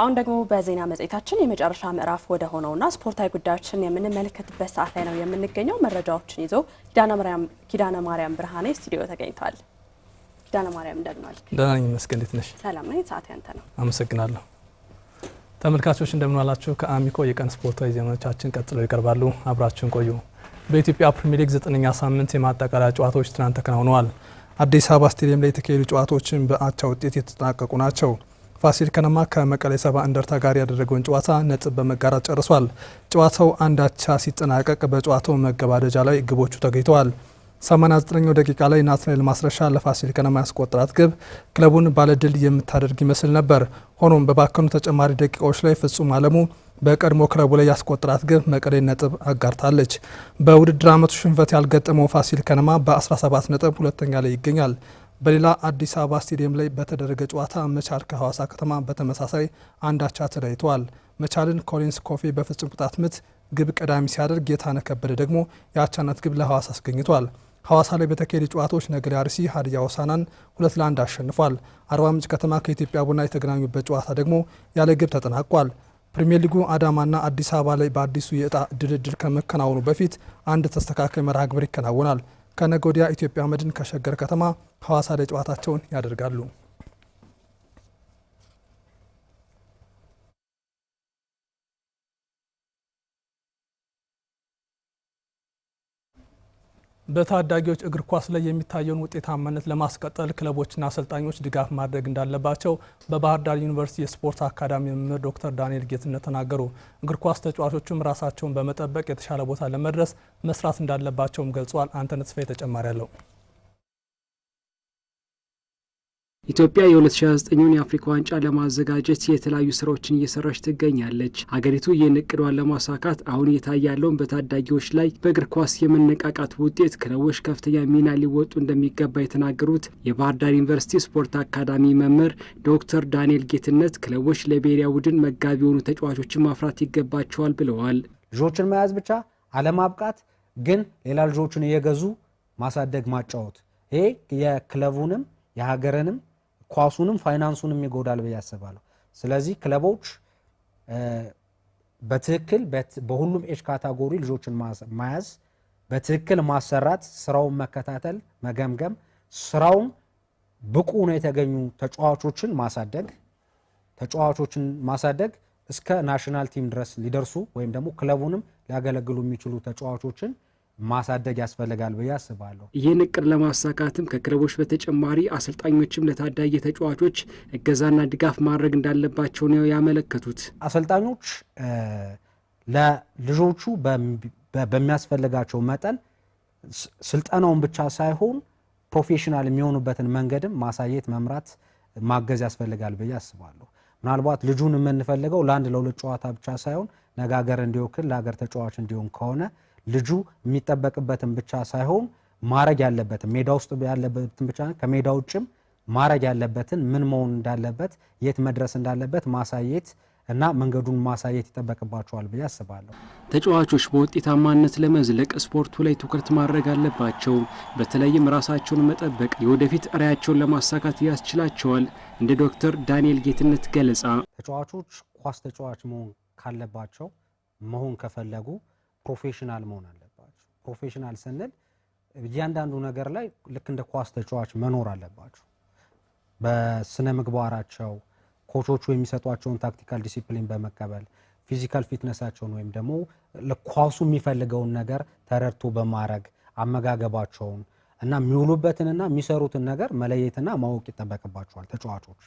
አሁን ደግሞ በዜና መጽሔታችን የመጨረሻ ምዕራፍ ወደ ሆነውና ስፖርታዊ ጉዳዮችን የምንመለከትበት ሰዓት ላይ ነው የምንገኘው። መረጃዎችን ይዞ ኪዳነ ማርያም ብርሃኔ ስቱዲዮ ተገኝቷል። ኪዳነ ማርያም እንደምን ደህና ነኝ ይመስገን። እንዴት ነሽ? ሰላም ነኝ። ሰዓት ያንተ ነው። አመሰግናለሁ። ተመልካቾች እንደምን ከአሚኮ የቀን ስፖርታዊ ዜናዎቻችን ቀጥለው ይቀርባሉ። አብራችሁን ቆዩ። በኢትዮጵያ ፕሪሚየር ሊግ ዘጠነኛ ሳምንት የማጠቃለያ ጨዋታዎች ትናንት ተከናውነዋል። አዲስ አበባ ስቴዲየም ላይ የተካሄዱ ጨዋታዎችን በአቻ ውጤት የተጠናቀቁ ናቸው። ፋሲል ከነማ ከመቀሌ ሰባ እንደርታ ጋር ያደረገውን ጨዋታ ነጥብ በመጋራት ጨርሷል። ጨዋታው አንድ አቻ ሲጠናቀቅ በጨዋታው መገባደጃ ላይ ግቦቹ ተገኝተዋል። 89ኛው ደቂቃ ላይ ናትናኤል ማስረሻ ለፋሲል ከነማ ያስቆጠራት ግብ ክለቡን ባለድል የምታደርግ ይመስል ነበር። ሆኖም በባከኑ ተጨማሪ ደቂቃዎች ላይ ፍጹም አለሙ በቀድሞ ክለቡ ላይ ያስቆጠራት ግብ መቀሌ ነጥብ አጋርታለች። በውድድር ዓመቱ ሽንፈት ያልገጠመው ፋሲል ከነማ በ17 ነጥብ ሁለተኛ ላይ ይገኛል። በሌላ አዲስ አበባ ስቴዲየም ላይ በተደረገ ጨዋታ መቻል ከሐዋሳ ከተማ በተመሳሳይ አንድ አቻ ተለያይተዋል። መቻልን ኮሊንስ ኮፌ በፍጹም ቅጣት ምት ግብ ቀዳሚ ሲያደርግ ጌታነህ ከበደ ደግሞ የአቻነት ግብ ለሐዋሳ አስገኝቷል። ሐዋሳ ላይ በተካሄዱ ጨዋታዎች ነገሌ አርሲ ሀዲያ ሆሳዕናን ሁለት ለአንድ አሸንፏል። አርባ ምንጭ ከተማ ከኢትዮጵያ ቡና የተገናኙበት ጨዋታ ደግሞ ያለ ግብ ተጠናቋል። ፕሪምየር ሊጉ አዳማና አዲስ አበባ ላይ በአዲሱ የእጣ ድልድል ከመከናወኑ በፊት አንድ ተስተካካይ መርሃ ግብር ይከናወናል። ከነጎዲያ ኢትዮጵያ መድን ከሸገር ከተማ ሐዋሳ ላይ ጨዋታቸውን ያደርጋሉ። በታዳጊዎች እግር ኳስ ላይ የሚታየውን ውጤታማነት ለማስቀጠል ክለቦችና አሰልጣኞች ድጋፍ ማድረግ እንዳለባቸው በባህር ዳር ዩኒቨርሲቲ የስፖርት አካዳሚ መምህር ዶክተር ዳንኤል ጌትነት ተናገሩ። እግር ኳስ ተጫዋቾቹም ራሳቸውን በመጠበቅ የተሻለ ቦታ ለመድረስ መስራት እንዳለባቸውም ገልጿል። አንተነህ ተስፋዬ ተጨማሪ አለው። ኢትዮጵያ የ2029ን የአፍሪካ ዋንጫ ለማዘጋጀት የተለያዩ ስራዎችን እየሰራች ትገኛለች። ሀገሪቱ ይህን እቅዷን ለማሳካት አሁን እየታየ ያለውን በታዳጊዎች ላይ በእግር ኳስ የመነቃቃት ውጤት ክለቦች ከፍተኛ ሚና ሊወጡ እንደሚገባ የተናገሩት የባህር ዳር ዩኒቨርሲቲ ስፖርት አካዳሚ መምህር ዶክተር ዳንኤል ጌትነት ክለቦች ለብሔራዊ ቡድን መጋቢ የሆኑ ተጫዋቾችን ማፍራት ይገባቸዋል ብለዋል። ልጆችን መያዝ ብቻ አለማብቃት፣ ግን ሌላ ልጆችን እየገዙ ማሳደግ፣ ማጫወት ይሄ የክለቡንም የሀገርንም ኳሱንም ፋይናንሱንም ይጎዳል ብዬ አስባለሁ። ስለዚህ ክለቦች በትክክል በሁሉም ኤጅ ካታጎሪ ልጆችን መያዝ፣ በትክክል ማሰራት፣ ስራውን መከታተል፣ መገምገም፣ ስራውን ብቁ ነው የተገኙ ተጫዋቾችን ማሳደግ ተጫዋቾችን ማሳደግ እስከ ናሽናል ቲም ድረስ ሊደርሱ ወይም ደግሞ ክለቡንም ሊያገለግሉ የሚችሉ ተጫዋቾችን ማሳደግ ያስፈልጋል ብዬ አስባለሁ። ይህን እቅድ ለማሳካትም ከክለቦች በተጨማሪ አሰልጣኞችም ለታዳጊ ተጫዋቾች እገዛና ድጋፍ ማድረግ እንዳለባቸው ነው ያመለከቱት። አሰልጣኞች ለልጆቹ በሚያስፈልጋቸው መጠን ስልጠናውን ብቻ ሳይሆን ፕሮፌሽናል የሚሆኑበትን መንገድም ማሳየት፣ መምራት፣ ማገዝ ያስፈልጋል ብዬ አስባለሁ። ምናልባት ልጁን የምንፈልገው ለአንድ ለሁለት ጨዋታ ብቻ ሳይሆን ነገ ሀገር እንዲወክል ለሀገር ተጫዋች እንዲሆን ከሆነ ልጁ የሚጠበቅበትን ብቻ ሳይሆን ማረግ ያለበትን ሜዳ ውስጥ ያለበትን ብቻ ከሜዳ ውጭም ማረግ ያለበትን ምን መሆን እንዳለበት የት መድረስ እንዳለበት ማሳየት እና መንገዱን ማሳየት ይጠበቅባቸዋል ብዬ አስባለሁ። ተጫዋቾች በውጤታማነት ለመዝለቅ ስፖርቱ ላይ ትኩረት ማድረግ አለባቸው። በተለይም ራሳቸውን መጠበቅ የወደፊት ራዕያቸውን ለማሳካት ያስችላቸዋል። እንደ ዶክተር ዳንኤል ጌትነት ገለጻ ተጫዋቾች ኳስ ተጫዋች መሆን ካለባቸው መሆን ከፈለጉ ፕሮፌሽናል መሆን አለባቸው። ፕሮፌሽናል ስንል እያንዳንዱ ነገር ላይ ልክ እንደ ኳስ ተጫዋች መኖር አለባቸው። በስነ ምግባራቸው ኮቾቹ የሚሰጧቸውን ታክቲካል ዲሲፕሊን በመቀበል ፊዚካል ፊትነሳቸውን ወይም ደግሞ ኳሱ የሚፈልገውን ነገር ተረድቶ በማድረግ አመጋገባቸውን እና የሚውሉበትንና የሚሰሩትን ነገር መለየትና ማወቅ ይጠበቅባቸዋል ተጫዋቾች።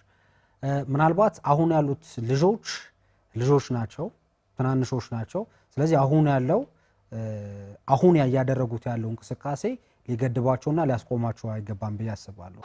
ምናልባት አሁን ያሉት ልጆች ልጆች ናቸው፣ ትናንሾች ናቸው። ስለዚህ አሁን ያለው አሁን እያደረጉት ያለው እንቅስቃሴ ሊገድባቸውና ሊያስቆማቸው አይገባም ብዬ አስባለሁ።